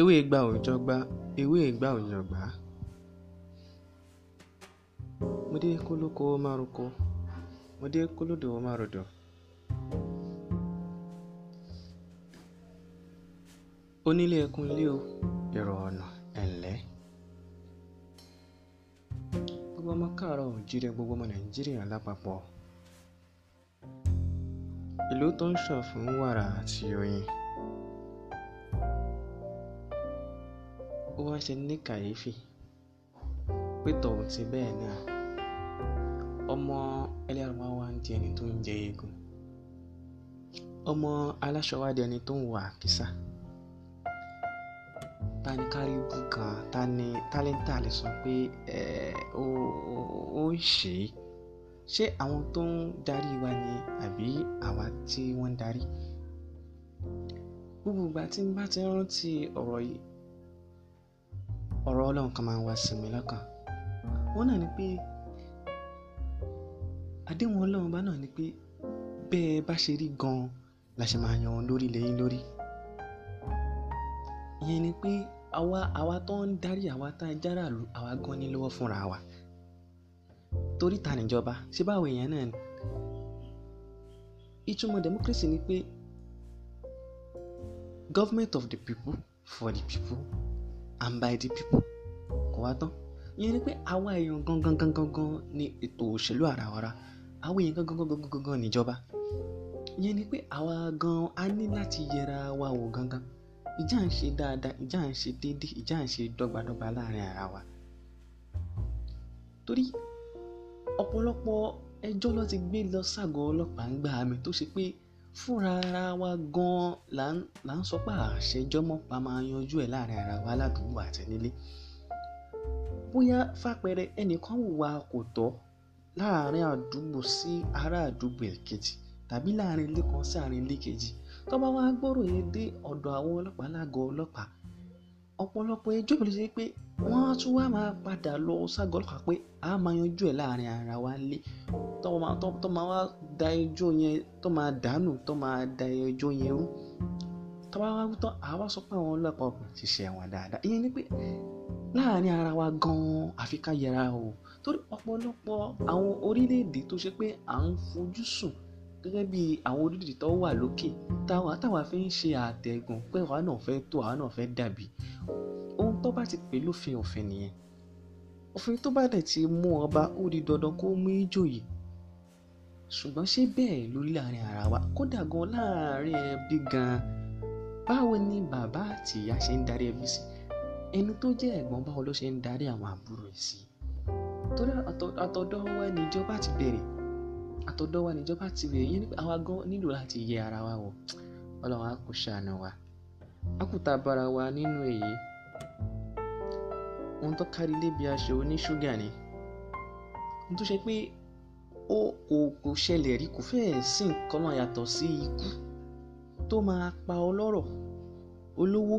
ewé ìgbà ò jọgba ewé ìgbà ò jọgbà mudé kólókó má roko mudé kólódò má rodò. onílé ẹkùn ilé o èrò ọ̀nà ẹ̀ǹlẹ́ gbogbo ọmọ káàárọ̀ òjíire gbogbo ọmọ nàìjíríà lápapọ̀ ìlú tó ń ṣọ̀fún wàrà àti oyin. ó wá ṣe ní kàyéfì pé tọ̀hún ti bẹ́ẹ̀ náà ọmọ ẹlẹ́rìí wá ń di ẹni tó ń jẹ eegun ọmọ aláṣọ wá di ẹni tó ń wà àkísà ta ni káríbù kan ta ni tálẹ́ńtà lè sọ pé ó ń ṣe é ṣé àwọn tó ń darí wa ni àbí àwa tí wọ́n ń darí gbogbo ìgbà tí n bá ti rántí ọ̀rọ̀ yìí ọ̀rọ̀ ọlọ́run kan máa ń wá sí mi lọ́kàn wọ́n náà ni pé àdéhùn ọlọ́run bá náà ni pé bẹ́ẹ̀ bá ṣe rí gan-an la ṣe máa yan lórí lẹ́yìn lórí ìyẹn ni pé àwa àwa tó ń darí àwa tá a járàlú àwa gan ni lọ́wọ́ fúnra wa torí ta níjọba ṣé báwo èèyàn náà ni ìtumọ̀ democracy ni pé government of the people for the people and by the people kò wá tán ìyẹn ni pé àwa èèyàn gangan gangan gan ni ètò òṣèlú àràwàrà àwa èèyàn gangan gangan gangan níjọba ìyẹn ni pé àwa gan a ní láti yẹra wa wò gangan ìjà ń ṣe dáadáa ìjà ń ṣe déédéé ìjà ń ṣe dọ́gbadọ́gba láàrin ara wa torí ọ̀pọ̀lọpọ̀ ẹjọ́ ló ti gbé lọ ságọ́ ọlọ́pàá ń gbà mí tó ṣe pé fúnra ara wa gan-an là ń sọ pé àṣejọ́mọ́ pa máa yanjú ẹ̀ láàrin ara wa ládùúgbò àti nílé bóyá fàpẹẹrẹ ẹnìkan hùwà kò tọ́ láàrin àdúgbò sí ará àdúgbò èkejì tàbí láàrin ilé kan sí àárín ilé kejì tó bá wá gbọ́rò yẹn dé ọ̀dọ̀ àwọn ọlọ́pàá lágọ̀ọ́ ọlọ́pàá ọ̀pọ̀lọpọ̀ ẹjọ́ mi ló ṣe pé wọ́n á tún wá máa padà lọ ságọ́ ọlọ́pàá pé a máa yanjú ẹ̀ láàrin ara wa lé tó máa wá da ẹjọ́ yẹn tó máa dànù tó máa da ẹjọ́ yẹn rú tó bá wá tán àwa sọ pé àwọn ọlọ́pàá ọ̀pọ̀ ti ṣe wọn dáadáa ìyẹn ni pé láàrin ara wa gan-an àfi ká yẹra o torí ọ̀pọ̀lọpọ̀ àwọn orílẹ̀-èdè tó ṣe pé à ń fojú sùn gẹ́gẹ́ bí àwọn orílẹ̀-èdè tó wà lókè táwa táwa fi ń ṣe àtẹ̀gùn pé àwa náà fẹ́ tó àwa náà fẹ́ dàbí ohun tó bá ti pè lófin òfin nìyẹn òfin tó bá dẹ̀ ti mú ọba ó di dandan kó mú ìjòyè ṣùgbọ́n ṣé bẹ́ẹ̀ lórí láàrin ara wa kódà gan láàrin ẹbí gan báwo ni bàbá àti ìyá ṣe ń darí ẹbí sí ẹni tó jẹ́ ẹ̀gbọ́n báwo ló ṣe ń darí àwọn àbúrò ẹ̀ sí torí àtọ̀dọ̀ wa níjọba ti bẹ̀rẹ̀ àtọ̀dọ́ wa níjọba ti rè yẹn nípa àwa gan nílò láti yẹ ara wa wò ọlọ́run á kò ṣàánú wa á kò ta bara wa nínú èyí ohun tó kárí lébi aṣọ oníṣúgà ni ohun tó ṣe pé ó kò kò ṣẹlẹ̀ rí kò fẹ́ẹ̀ sí nǹkan náà yàtọ̀ sí ikú tó máa pa ọlọ́rọ̀ olówó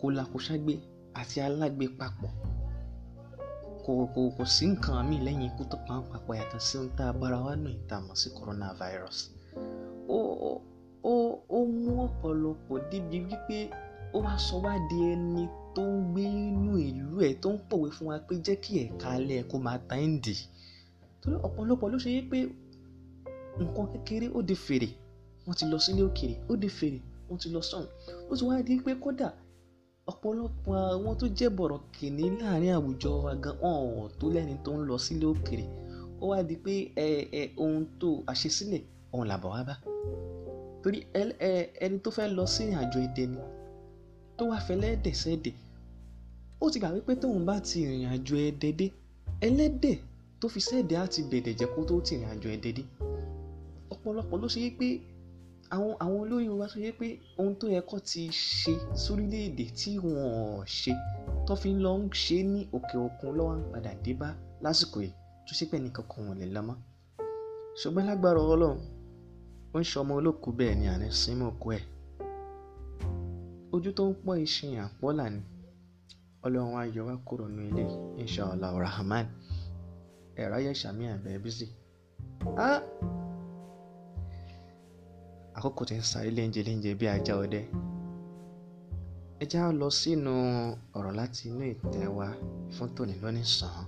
kòlàkòṣagbe àti alágbe papọ̀ kò kò kò sí nǹkan míì lẹ́yìn ikú tó pa pàpà yàtọ̀ sí ohun tá a bára wa nù ìta mọ̀ sí coronavirus ó ó ó mú ọ̀pọ̀lọpọ̀ débi wípé ó wá sọ wá di ẹni tó ń gbé inú ìlú ẹ̀ tó ń pòwe fún wa pé jẹ́ kí ẹ̀ka alẹ́ kó máa ta ẹ̀ ń dì torí ọ̀pọ̀lọpọ̀ ló ṣe yé pé nǹkan kékeré ó di fèrè wọ́n ti lọ sílé òkèrè ó di fèrè wọ́n ti lọ sọ́hùn ó ti wá di pé kódà ọ̀pọ̀lọpọ̀ àwọn tó jẹ́ bọ̀rọ̀kìnní láàrin àwùjọ wa gan ọ̀hún tó lẹ́ni tó ń lọ sílé òkèrè ó wá di pé ẹ ẹ ohun tó àṣesílẹ̀ ọ̀hún làbọ̀ wá bá torí ẹ ẹ ẹni tó fẹ́ lọ sí àjọ èdè ni tó wá fẹ́ lẹ́dẹ̀sẹ̀dẹ̀ ó ti gbà wípé tóun bá ti ìrìn àjò ẹ̀dẹ̀ dé ẹlẹ́dẹ̀ tó fi sẹ́ẹ̀dẹ̀ á ti bẹ̀dẹ̀ jẹ́ kó tó ti ìrìn àjò ẹ̀dẹ̀ dé ọ̀pọ̀lọpọ̀ ló ṣe é pé àwọn àwọn olórí wa sọ pé ohun tó yẹ kó ti ṣe sórílẹ̀-èdè tí wọ́n ò ṣe tó fi lọ ń ṣe ní òkè òkun lọ́wọ́ ń padà dé bá lásìkò yìí tó ṣe pé nìkan kan wọ̀n lè lọ mọ́ ṣùgbọ́n lágbára ọlọ́run ó ń ṣọmọ olókùú bẹ́ẹ̀ ni àní símọ̀ kú ẹ̀ ojú tó ń pọ̀ iṣẹ́ yàn pọ́là ni ọlọ́run ayọ̀ wa kúrò ní ilé inshallah rahman ẹ̀rọ ayẹ̀ṣàmí àbẹ̀ bísí àkókò tẹ̀ ń sáré léńjeléńje bí ajá ọdẹ ẹ já lọ sínú ọ̀rọ̀ láti inú ìtẹ́ wa fún tòní lónìí sàn án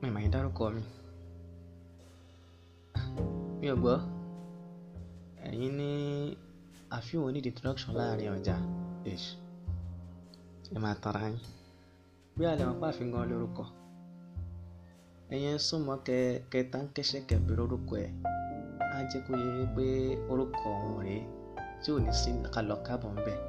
mi màá dárúkọ mi mi ò gbọ́ ẹ̀yin ní àfihàn oní introduction láàrin ọjà ẹ máa tanra yín bí alẹ́ wọn pàfin lórúkọ ẹ̀yẹn ń súnmọ́ kẹ kẹta ń kẹ́sẹ̀ kẹbẹ̀rẹ̀ orúkọ ẹ̀ á jẹ́ kó yẹ pé orúkọ ọ̀hún rèé tí ò ní sí kalọ̀ káàbọ̀ ń bẹ̀.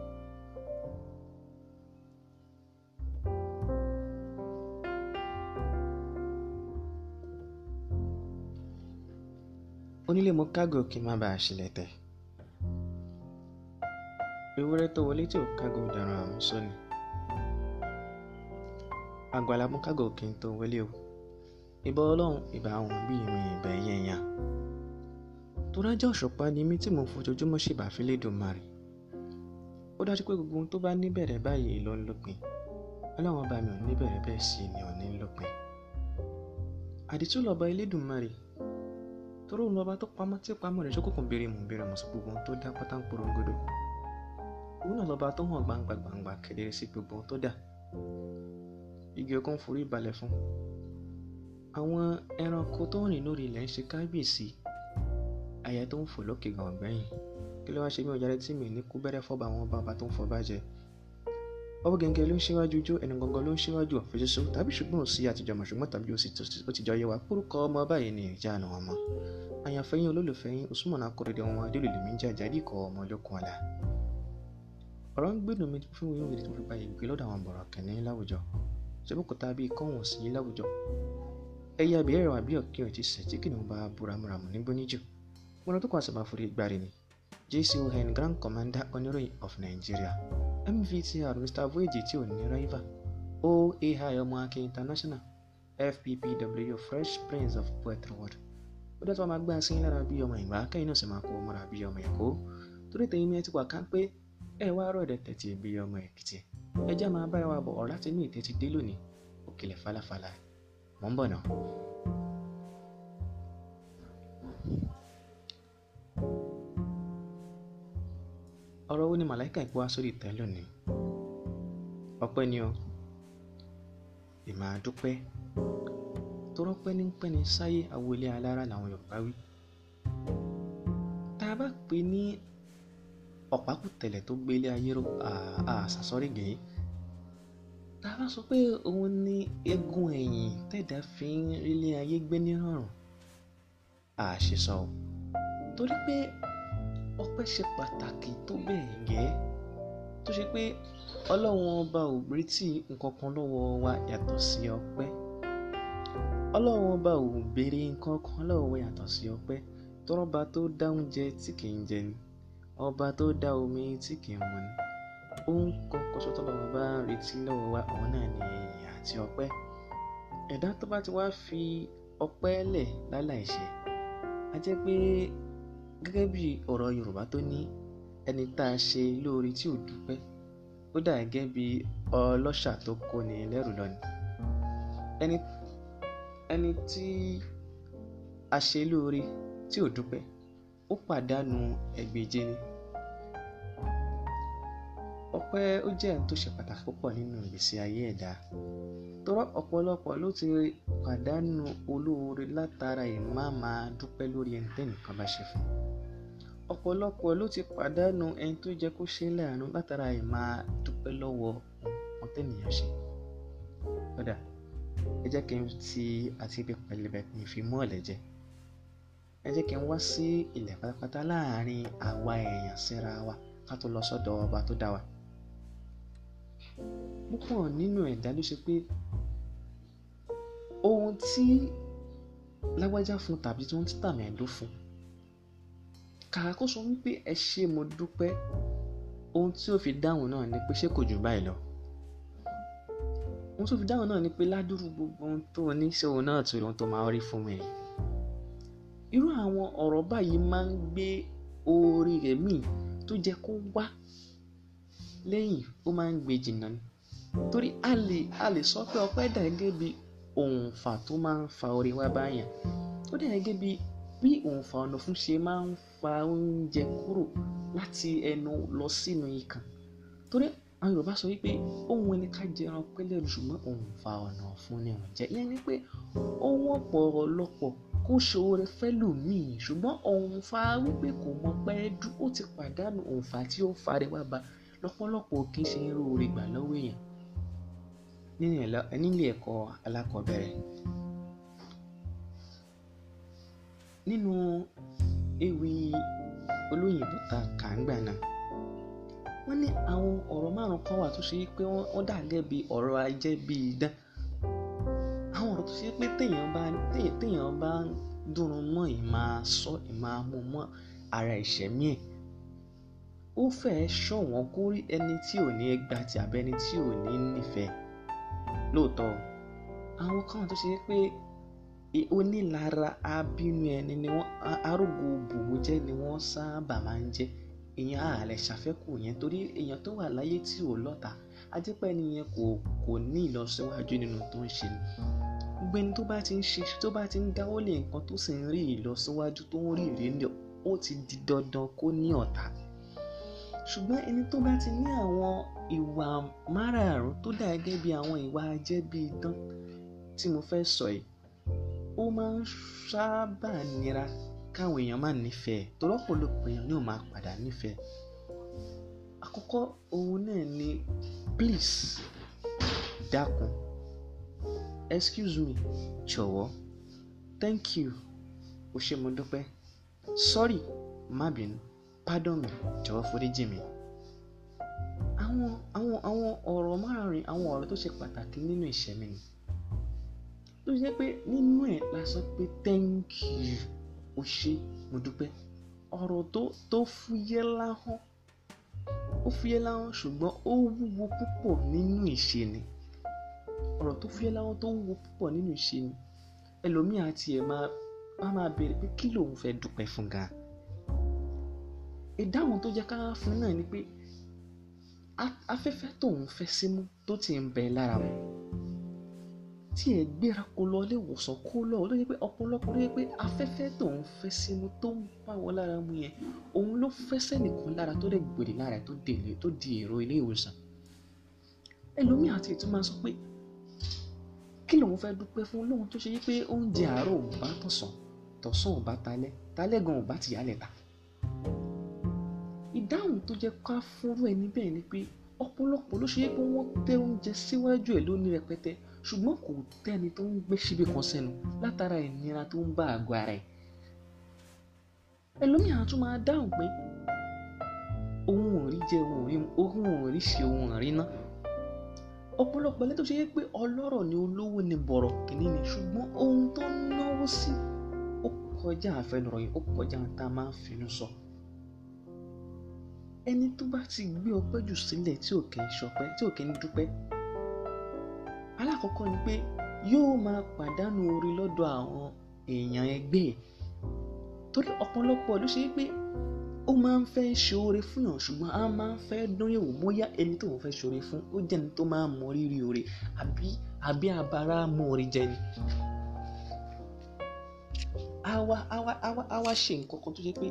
onílé mo kágò kí n má bàa ṣẹlẹ̀ tẹ̀. ewúrẹ́ tó wọlé tí ò kágò dàrán àmúṣọ ni. àgbàlá mo kágò kí n tó wọlé o ìbà ọlọ́run ìbà àwọn òbí mi ìbà ẹ̀yìn èèyàn tó rájọ́ òṣùpá ni mí tí mò ń fojoojúmọ́ ṣèbà fílẹ̀dùnmarè ó dájú pé gbogbo ohun tó bá níbẹ̀rẹ̀ báyìí ló ń lópin ọlọ́run ọba mi ò níbẹ̀rẹ̀ bẹ́ẹ̀ sì ni ò ní lópin àdìtú lọ́ba elédùnmarè toró ń lọ́ba tó pamọ́ tí pamọ́ rẹ̀ ṣókùnkùn béèrè mò ń béèrè mọ̀ sí gbogbo ohun tó dá pátá ń òun náà lọ́ba tó hàn gbangba gbangba kedere sí gbogbo ohun tó dá igi okun forí balẹ̀ fún un àwọn ẹranko tó ń rìn lórí ilẹ̀ ń ṣe kábíyèsí àyà tó ń fò lókè gan ọ̀gbẹ́yìn kí ló wá ṣe mí ọ̀jáde tí mi ní kú bẹ́rẹ́ fọ́ba àwọn bàbá tó ń fọba jẹ ọwọ́ gẹ́gẹ́ ló ń ṣíwájú ijó ẹnu gangan ló ń ṣíwájú ọ̀fẹ́ ṣoṣo tàbí ṣùgbọ́n òsì àtijọ́ mọ̀ ṣùgbọ́n tàbí òsì ó ti jọ yé wa kórúkọ ọmọ báyìí ni ìjà àna ọmọ àyànfẹ́ yín olólùfẹ́ yín Usman Akọ́rẹdẹ ọmọ adélòlè mi ń jàjà bí ikọ̀ ọmọ olókun ọ̀la ọ̀rọ̀ ń gbẹ́nu mi fún wíwọ́n ìdí tó fi lọ́dọ̀ àwọn bọ̀rọ̀ kẹ́ni ẹyẹ abìyẹ́rẹ̀ wà bí ọ̀kẹ́ ọ̀tí sẹ̀ tí kìnìún bá buramuramu ní gbóníjò gbọ́nàtọ́kọ̀ àṣàbàforí gbáre ni jcon grand commander oníròyìn of Nigeria mvtr mr voyage tí ò ní rival oahi ọmọ akin international fppw fresh prince of puerto world ó dá tó máa gbá sí lára bí ọmọ ìgbà kẹ́yìn náà sì máa kó mọ́ra bí ọmọ èkó torí tẹ̀yìn mẹ́tí wà ká pé ẹ wá rọ̀dẹ̀ tẹ̀tì bí ọmọ èkìtì ẹjẹ́ máa bá wà bọ̀ ọ̀rá tí ní ìtẹ́tí dé lónìí òkèlè falafala Mon bueno. Ọ̀rọ̀ wo ni màláìka ìpò wá ìtẹ́ lónìí? Ọpẹ́ ni o. Ìmọ̀ àdúpẹ́. Torọ́ pẹ́ni pẹ́ni sáyé awolé alára làwọn Yorùbá wí. Tá a bá pè ní ọ̀pákùtẹ̀lẹ̀ tó gbélé ayé ró àṣàsọ́rìgèé tá bá sọ pé òun ni egun ẹ̀yìn tẹ̀dá fi ń rílé ayé gbé nírọ̀rùn àṣìṣọ torí pé ọpẹ́ ṣe pàtàkì tó bẹ́ẹ̀ gẹ́ tó ṣe pé ọlọ́run ọba ò retí nǹkan kan lọ́wọ́ wa yàtọ̀ sí ọpẹ́ ọlọ́run ọba ò béèrè nǹkan kan lọ́wọ́ yàtọ̀ sí ọpẹ́ tọ́rọ́ba tó dá oúnjẹ tí kì í jẹ ni ọba tó dá omi tí kì í mu ni ohun kan ṣoṣo tọ́lọ́run bá retí lọ́wọ́ wa òun náà ni ìyìn àti ọpẹ́ ẹ̀dá tó bá ti wá fi ọpẹ́ lẹ̀ láláìṣẹ̀ a jẹ́ pé gẹ́gẹ́ bí ọ̀rọ̀ Yorùbá tó ní ẹni tá a ṣe lóore tí ò dúpẹ́ ó dà gẹ́gẹ́ bí ọlọ́ṣà tó kó ni lẹ́rù lọ ni ẹni tí a ṣe lóore tí ò dúpẹ́ ó pàdánù ẹgbẹ̀je ni ọpẹ́ ó jẹ́ ohun tó ṣe pàtàkì púpọ̀ nínú ìgbésí ayé ẹ̀dá tọrọ ọ̀pọ̀lọpọ̀ ló ti pàdánù olóore látara ìmáàmá dúpẹ́ lórí ẹni tẹ́nìkan bá ṣe fún ọ̀pọ̀lọpọ̀ ló ti pàdánù ẹni tó jẹ́ kó ṣe láàánú látara ìmá dúpẹ́ lọ́wọ́ ohun tẹ́nìyàn ṣe kódà ẹ jẹ́ kí n ti àti ibi pẹlẹbẹ kí n fi mú ọ̀lẹ̀ jẹ ẹ jẹ́ kí n wá sí ilẹ̀ pátápátá láàárín àwa èèyàn síra wa ká tó lọ sọ́dọ̀ ọba tó dá wa púpọ̀ nínú ẹ̀dá ló ṣe pé ohun tí lágbájá fún tàbí tí wọ́n ti tàmì ẹ̀dó fún kàkà kó sọ wípé ẹ ṣé mo dúpẹ́ ohun tí ó fi dáhùn náà ni pé ṣé kò jù báyìí lọ ohun tó fi dáhùn náà ni pé ládùúrú gbogbo ohun tó ní ṣé òun náà tó ohun tó máa rí fún mi irú àwọn ọ̀rọ̀ báyìí máa ń gbé oore rẹ̀ míì tó jẹ́ kó wá lẹ́yìn ó máa ń gbé jìnnà ni torí a lè a lè sọ pé ọpẹ́ dà gẹ́gẹ́ bí òǹfà tó máa ń fa oore wá báyàn ó dà gẹ́gẹ́ bí bí òǹfà ọ̀nà fún ṣe máa ń fa oúnjẹ kúrò láti ẹnu lọ sínú ikàn torí àwọn Yorùbá sọ wípé ohun ẹni ká jẹ ẹran pẹ́lẹ́ ṣùgbọ́n òǹfà ọ̀nà fún ni ọ̀jẹ́ ìyẹn ni pé ó wọ́pọ̀ ọ̀pọ̀lọpọ̀ kó ṣoore fẹ́lòmíì ṣùgbọ́n òǹfà wípé kò mọ pẹ́ẹ́dú ó ti pàdánù òǹfà tí ó fa rẹ̀ wá ba lọ́pọ̀lọpọ̀ kì í ṣe irú oore gbà lọ́wọ́ èèyàn nílé ẹ̀kọ́ alákọ̀ọ́bẹ̀rẹ̀ nínú ewì olóyìnbó ta kàńgbà náà wọ́n ní àwọn ọ̀rọ̀ márùn-ún kan wà tó ṣe pé wọ́n dà gẹ́gẹ́ bí ọ̀rọ̀ ajé bí idán àwọn ọ̀rọ̀ tó ṣe pé téèyàn bá téèyàn bá dùnrún mọ́ ì máa sọ ì ara ìṣẹ̀mí ẹ̀ ó fẹ́ẹ́ ṣọ̀wọ́n kó rí ẹni tí ò ní ẹgbàá tí àbẹ́ ẹni tí ò ní nífẹ̀ẹ́ lóòótọ́ àwọn kan tó ṣe pé e, onílara abínú ẹni ni wọ́n arógo bòójẹ́ ni wọ́n sábà máa ń jẹ́ èèyàn ààrẹ ṣàfẹ́kù yẹn torí èèyàn tó wà láyé tí ò lọ́ta ajẹ́pẹ́ nìyẹn kò kò ní ìlọsíwájú nínú tó ń ṣe ni gbogbo ẹni tó bá ti ń ṣe tó bá ti ń dáwọ́ lé nǹkan tó sì ń rí ìlọsíwájú tó ń rí ìrírí ó ti di dandan kó ní ọ̀tá ṣùgbọ́n ẹni tó bá ti ní àwọn ìwà márààrún tó dà gẹ́gẹ́ bí àwọn ìwà ajẹ́bí idán tí mo fẹ́ sọ yìí ó máa ń sábà nira káwọn èèyàn máa nífẹ̀ẹ́ torí ọ̀pọ̀lọpọ̀ èèyàn ni ó máa padà nífẹ̀ẹ́ àkọ́kọ́ òun náà ni please dákun excuse me jọ̀wọ́ thank you o ṣé mo dúpẹ́ sorry má bínú pardon me jọ̀wọ́ foríjì mi àwọn àwọn àwọn ọ̀rọ̀ márùn-ún àwọn ọ̀rọ̀ tó ṣe pàtàkì nínú ìṣẹ̀mí ni tó ṣe pé nínú ẹ̀ la sọ pé thank you o ṣé mo dúpẹ́ ọ̀rọ̀ tó tó fúyẹ́ láhán ó fúyẹ́ láhán ṣùgbọ́n ó wúwo púpọ̀ nínú ìṣe ni ọ̀rọ̀ tó fúyẹ́ láhán tó wúwo púpọ̀ nínú ìṣe ni ẹlòmíà tiẹ̀ máa máa béèrè pé kí lòun fẹ́ dúpẹ́ fún gan ìdáhùn tó jẹ́ ká fún náà ni pé afẹ́fẹ́ tóun fẹ́ símú tó ti ń bẹ lára mu tí ẹ gbéra kó lọ ilé ìwòsàn kó lọ ló yẹ pé ọ̀pọ̀lọpọ̀ ló yẹ pé afẹ́fẹ́ tóun fẹ́ símú tó ń bá wọ lára mu yẹn òun ló fẹsẹ̀ nìkan lára tó dẹ̀ gbèrè lára tó délé tó di èrò ilé ìwòsàn ẹlòmíì àti ìtumọ̀ sọ pé kí lòun fẹ́ dúpẹ́ fún lóhun tó ṣe yí pé oúnjẹ àárọ̀ ò bá tọ̀sán tọ̀sán ò bá talẹ́ talẹ́ gan ò bá tìyálẹ̀ ta tó jẹ́ ká fúnrú ẹ níbẹ̀ ni pé ọ̀pọ̀lọpọ̀ ló ṣe é pé wọ́n tẹ oúnjẹ síwájú ẹ̀ lónìí rẹpẹtẹ ṣùgbọ́n kò tẹ́ni tó ń gbé síbi kan sẹ́nu látara ìnira tó ń bá àgọ́ ara ẹ̀ ẹlòmíì àá tún máa dáhùn pé òun ò rí jẹ òun ò rí ṣe òun ò rí ná ọ̀pọ̀lọpọ̀ ilé ṣe é pé ọlọ́rọ̀ ni olówó ni bọ̀rọ̀ kìíní ni ṣùgbọ́n ohun tó ń náwó sí ó kọjá àfẹnuròyìn ó kọjá tá a máa ń finú sọ. So ẹni tó bá ti gbé ọpẹ́ jù sílẹ̀ tí ò kì í ṣọpẹ́ tí ò kì í dúpẹ́ alákọ̀ọ́kọ́ ni pé yóò máa pàdánù orí lọ́dọ̀ àwọn èèyàn ẹgbẹ́ ẹ̀ torí ọ̀pọ̀lọpọ̀ ló ṣe pé ó máa ń fẹ́ ṣe oore fún yàn ṣùgbọ́n a máa ń fẹ́ dún yẹ̀wò bóyá ẹni tó fẹ́ ṣe oore fún ó jẹ́ ẹni tó máa ń mọ rírì oore àbí àbí abara mọ oore jẹ ni. àwa àwa àwa àwa ṣe nǹkan kan tó ṣe pé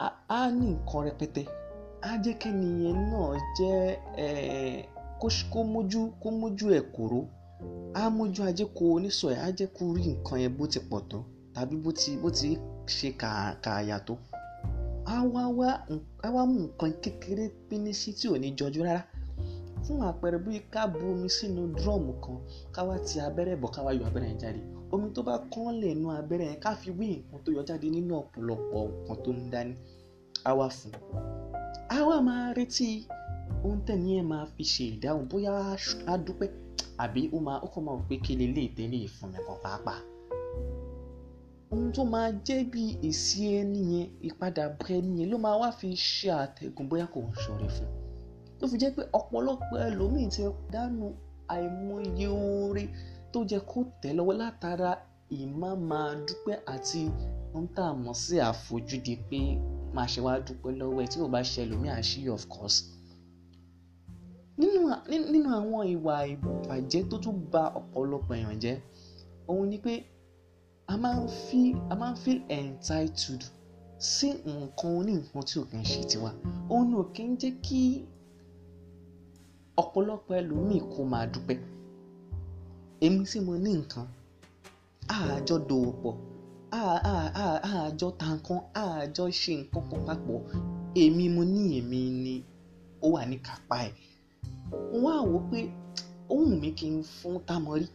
á ní nǹkan rẹpẹtẹ á jẹ́ kẹ́niyẹn náà jẹ́ kó mójú kó mójú ẹ̀ kóró á mójú ajé kó oníṣọ ẹ̀ á jẹ́ kó rí nǹkan yẹn bó ti pọ̀ tó tàbí bó ti bó ti ṣe kààyà tó á wá wá á wá mú nǹkan kékeré pínísí tí ò ní jọjú rárá fún àpẹẹrẹ bí ká bu omi sínú drọ́ọ̀mù kan ká wá ti abẹ́rẹ́ bọ̀ ká wá yọ abẹ́rẹ́ yẹn jáde omi tó bá kán lè nu abẹ́rẹ́ yẹn ká fi wí nǹkan tó yọ jáde nínú ọ̀pọ̀lọpọ̀ nǹkan tó ń dání á wá fún á wá máa retí ohun tẹ̀mí ẹ̀ máa fi ṣe ìdáhùn bóyá á dúpẹ́ àbí ó máa ó kàn máa pé kí lélẹ́ ìtẹ́lẹ̀ fún mi kan pàápàá ohun tó máa jẹ́ bí èsì ẹni yẹn ìpadàbọ̀ ẹni yẹn ló máa wá fi ṣe àtẹ̀gùn bóyá kò ń ṣòro fún tó fi jẹ́ pé ọ̀pọ̀lọpọ̀ ẹlòmíì ti dánú àìmọye oore tó jẹ́ kó tẹ̀ lọ́wọ́ látara ìmá máa dúpẹ́ àti ohun tá a mọ̀ sí àfojúdi pé máa ṣe wá dúpẹ́ lọ́wọ́ ẹ̀ tí ò bá ṣe ẹlòmíà ṣí of course. nínú àwọn ìwà ìbàjẹ́ tó tún ba ọ̀pọ̀lọpọ̀ èèyàn jẹ́ òun ni pé a máa ń feel entitled sí nǹkan oní nǹkan tí ò kì í ṣe tiwa òun ni ò kì jẹ́ kí ọ̀pọ̀lọpọ̀ ẹlòmíì kó máa dúpẹ́ èmi sì mo ní nǹkan àjọ dòwò pọ̀ àjọ ah, ah, ah, ta nǹkan àjọ ṣe nǹkan kan papọ̀ èmi mo ní èmi ni ó wà ní kápá ẹ̀ wọ́n á wò pé ohun mi kì í fún tamọ́rí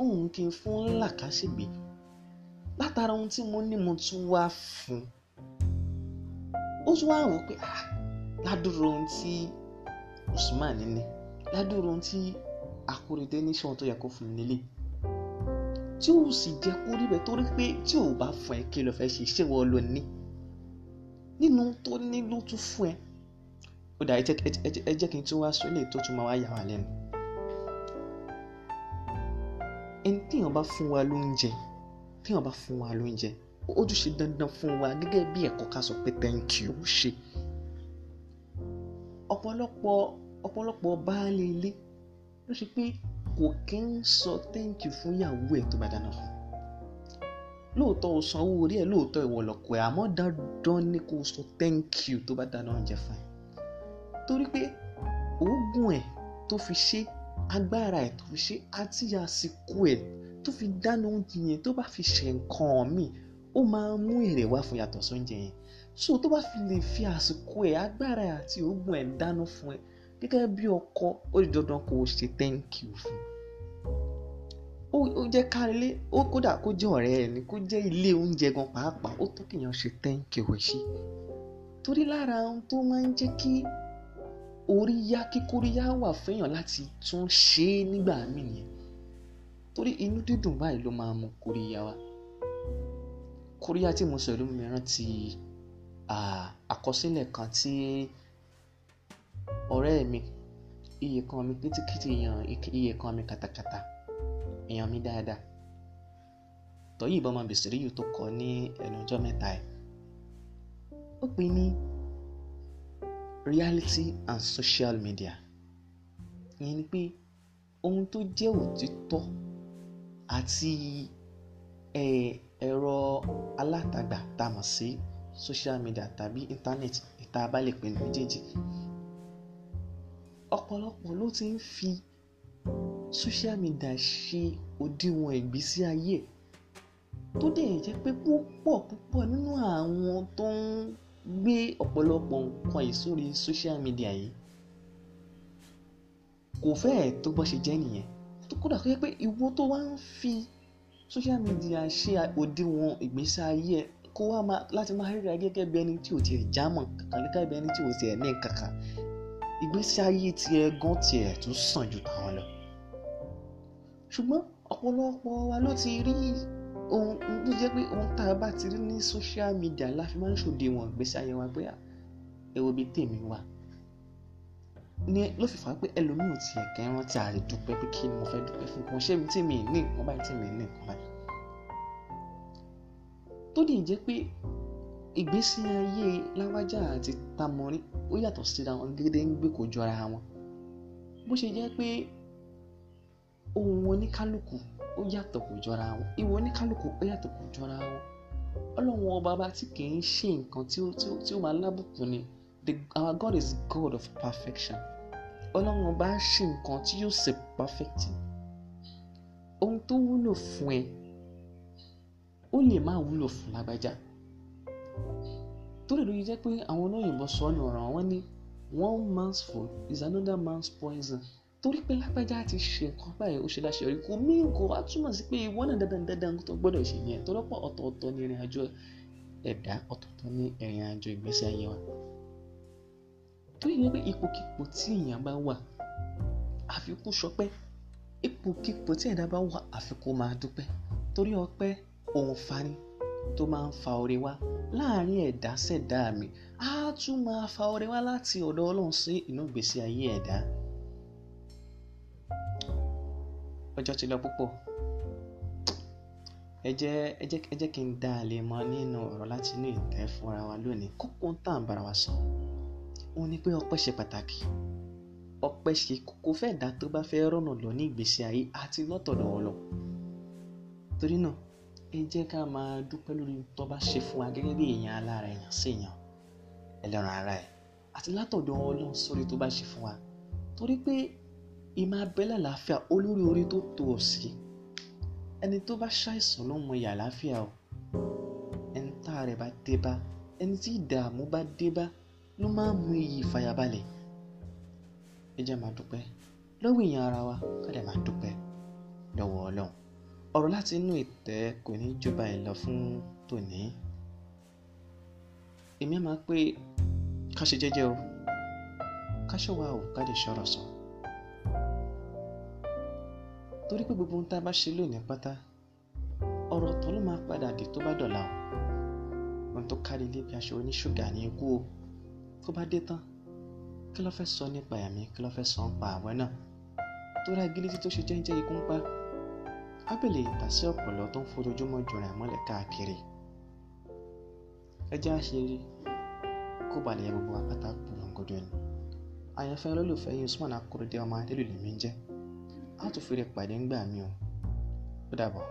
ohun kì í fún làkàṣègbè látara ohun tí mo ní mo tún wá fún ó tún wá wò pé ah ládùúrò ohun tí Usman ní ládùúrò ohun tí akóredé ní tó yẹ kó fún nílé tí ò sì jẹ́ kó rí torí pé tí ò bá fún ẹ kí ló fẹ́ ṣe ṣé wọ́n ló ní nínú tó ní ló tún fún ẹ ó dà ẹ jẹ́ kí n tún wá sọ eléyìí tó tún máa wá yà wá lẹ́nu ẹni téèyàn bá fún wa lóúnjẹ téèyàn bá fún wa lóúnjẹ ojúṣe dandan fún wa gẹ́gẹ́ bí ẹ̀kọ́ ká sọ pé thank you ṣe ọ̀pọ̀lọpọ̀ ọ̀pọ̀lọpọ̀ baálé ilé ló ṣe pé kò kí ń sọ thank you fún ìyàwó ẹ̀ tó bá dáná fún lóòótọ́ o san owó orí ẹ̀ lóòótọ́ ìwọ lọ́kọ̀ ẹ̀ àmọ́ dandan ni kò sọ thank you tó bá dáná oúnjẹ fún ẹ̀ torí pé oògùn ẹ̀ tó fi ṣe agbára ẹ̀ tó fi ṣe àti àsìkò ẹ̀ tó fi dáná oúnjẹ yẹn tó bá fi ṣe nǹkan míì ó máa mú èrè wá fún yàtọ̀ sóúnjẹ yẹn so tó bá fi lè fi àsìkò ẹ̀ agbára ẹ̀ àti oògùn ẹ̀ dáná fún ẹ̀ gẹ́gẹ́ bí ọkọ ó di dandan kó o ṣe thank you fún ó jẹ́ kárẹ́lé ó kódà kó jẹ́ ọ̀rẹ́ ẹni kó jẹ́ ilé oúnjẹ gan pàápàá ó tó kìyàn ṣe thank you sí torí lára ohun tó máa ń jẹ́ kí oríyá kíkóríyá wà fẹ́yàn láti tún ṣe é nígbà míì nìyẹn torí inú dídùn báyìí ló máa mú kóríyá wá kóríyá tí mo sọ ìlú mìíràn ti àkọsílẹ̀ kan tí. Uh, ọ̀rẹ́ mi iye kan mi kítíkítí èèyàn iyè kan mi kàtàkàtà èèyàn mi dáadáa tọ́yì ìbọn ọmọ bìsíríyù tó kọ ní ẹnu ọjọ́ mẹ́ta ẹ̀ ó pè ní reality and social media ìyẹn ni pé ohun tó jẹ́ òtítọ́ àti ẹ̀rọ alátagbà tá a mọ̀ sí social media tàbí internet ìta abálẹ̀ pẹ̀lú méjèèjì ọ̀pọ̀lọpọ̀ ló ti ń fi social media ṣe òdiwọ̀n ìgbésí ayé tó dẹ̀ jẹ́ pé púpọ̀ púpọ̀ nínú àwọn tó ń gbé ọ̀pọ̀lọpọ̀ nǹkan yìí social media yìí kò fẹ́ẹ̀ tó bọ́ ṣe jẹ́ nìyẹn tó kódà tó pé ìwọ tó wá ń fi social media ṣe òdiwọ̀n ìgbésí ayé kó wá láti máa ríra gẹ́gẹ́ bí ẹni tí ò tiẹ̀ jámọ́ kàkàlẹ́kà bí ẹni tí ò tiẹ̀ ní kankan ìgbésí ayé tiẹ̀ gan tiẹ̀ tún sàn ju tàwọn lọ ṣùgbọ́n ọ̀pọ̀lọpọ̀ wa ló ti rí ohun tó jẹ́ pé ohun tá a bá ti rí ní social media la fi máa ń ṣòdiwọ̀n ìgbésí ayé wa pé ẹ wo ibi tèmi wà ní ló fìfà pé ẹlòmíràn ti ẹ̀kẹ́ rántí àti dúpẹ́ pé kí ni mo fẹ́ dúpẹ́ fún kan ṣé mi tí mi ní nǹkan báyìí tí mi ní nǹkan báyìí tó dì jẹ́ pé ìgbésí ayé láwájá àti tamọ́rí ó yàtọ̀ síra wọn gédéǹgbé kò jọra wọn bó ṣe jẹ́ pé ohun oníkálukú ó yàtọ̀ kò jọra wọn ìwọ oníkálukú ó yàtọ̀ kò jọra wọn ọlọ́run ọba bá tí kì í ṣe nǹkan tí ó tí ó tí ó máa lábùkù ni our God is God of perfection ọlọ́run ọba ń ṣe nǹkan tí yóò ṣe perfect ohun tó wúlò fún ẹ ó lè má wúlò fún lágbájá torí ló jẹ́ pé àwọn olóyìnbó sọ ọ́nà ọ̀ràn wọn ní one man's food is another man's poison torí pé lápẹ́já ti ṣe nǹkan báyìí ó ṣe láṣẹ rí kò mí nǹkan wá túmọ̀ sí pé ìwọ náà dandan dandan tó gbọ́dọ̀ ṣe yẹn tọ́lọ́pọ̀ ọ̀tọ̀ọ̀tọ̀ ní ìrìn àjò ẹ̀dá ọ̀tọ̀ọ̀tọ̀ ní ìrìn àjò ìgbésí ayé wa torí ni pé ipòkipò tí èèyàn bá wà àfikún sọpẹ́ ipòkipò tí ẹ̀dá bá wà àfikún máa dúpẹ́ torí ọpẹ́ òun fani tó máa ń fa oore wá láàrin ẹ̀dá sẹ̀dá mi á tún máa fa oore wá láti ọ̀dọ̀ ọlọ́run sí inú ìgbésí ayé ẹ̀dá. ọjọ́ ti lọ púpọ̀ ẹ jẹ́ ẹ jẹ́ ẹ jẹ́ kí n dá a lè mọ̀ nínú ọ̀rọ̀ láti inú ìtẹ́ fúnra wa lónìí kókó ń tàn bára wa sàn òun ni pé ọpẹ́ ṣe pàtàkì ọpẹ́ ṣe kókó fẹ́ dá tó bá fẹ́ rọ̀nà lọ ní ìgbésí ayé àti lọ́tọ̀dọ̀ ọlọ torí náà ẹ jẹ́ ká máa dúpẹ́ lórí tó bá ṣe fún wa gẹ́gẹ́ bí èèyàn alára èèyàn sí èèyàn ẹlẹ́ran ara ẹ̀ àti látọ̀dọ̀ ọlọ́run sórí tó bá ṣe fún wa torí pé ìmọ̀ abẹ́lẹ̀ àlàáfíà olórí orí tó tó ọ̀ sí ẹni tó bá ṣàìsàn ló mọ ìyà àlàáfíà o ẹni tá rẹ̀ bá dé bá ẹni tí ìdààmú bá dé bá ló máa ń mú iyì ìfàyàbalẹ̀ ẹ jẹ́ máa dúpẹ́ lọ́wọ́ èèyàn ara wa ká máa dúpẹ́ lọ́wọ́ ọlọ́run ọ̀rọ̀ láti inú ìtẹ́ kò ní jù báyìí lọ fún tòní èmi máa pé ká ṣe jẹ́jẹ́ o ká ṣọ́wá o ká lè ṣọ́rọ̀ sọ torí pé gbogbo ohun tá a bá ṣe lónìí pátá ọ̀rọ̀ tó ló máa padà dé tó bá dọ̀la o ohun tó kárí ilé bí aṣọ oníṣúgà ní ikú o tó bá dé tán kí ló fẹ́ sọ nípa ẹ̀mí kí ló fẹ́ sọ ń pa àwẹ̀ náà tó rà gírísí tó ṣe jẹ́ńjẹ́ ikú ń pa. Ábẹ́lì yàtọ̀ sí ọ̀pọ̀lọ́ tó ń fojoojúmọ́ jọra ìmọ́lẹ̀ káàkiri. Ẹja ṣe rí kó balẹ̀ yẹ gbogbo apáta gbòǹgòdò ni. Àyànfẹ́ olólùfẹ́ yìí Usman Akorede ọmọ Adélùlẹ̀ mi ń jẹ́. A tún fi rẹ̀ pàdé o. Ó dàbọ̀.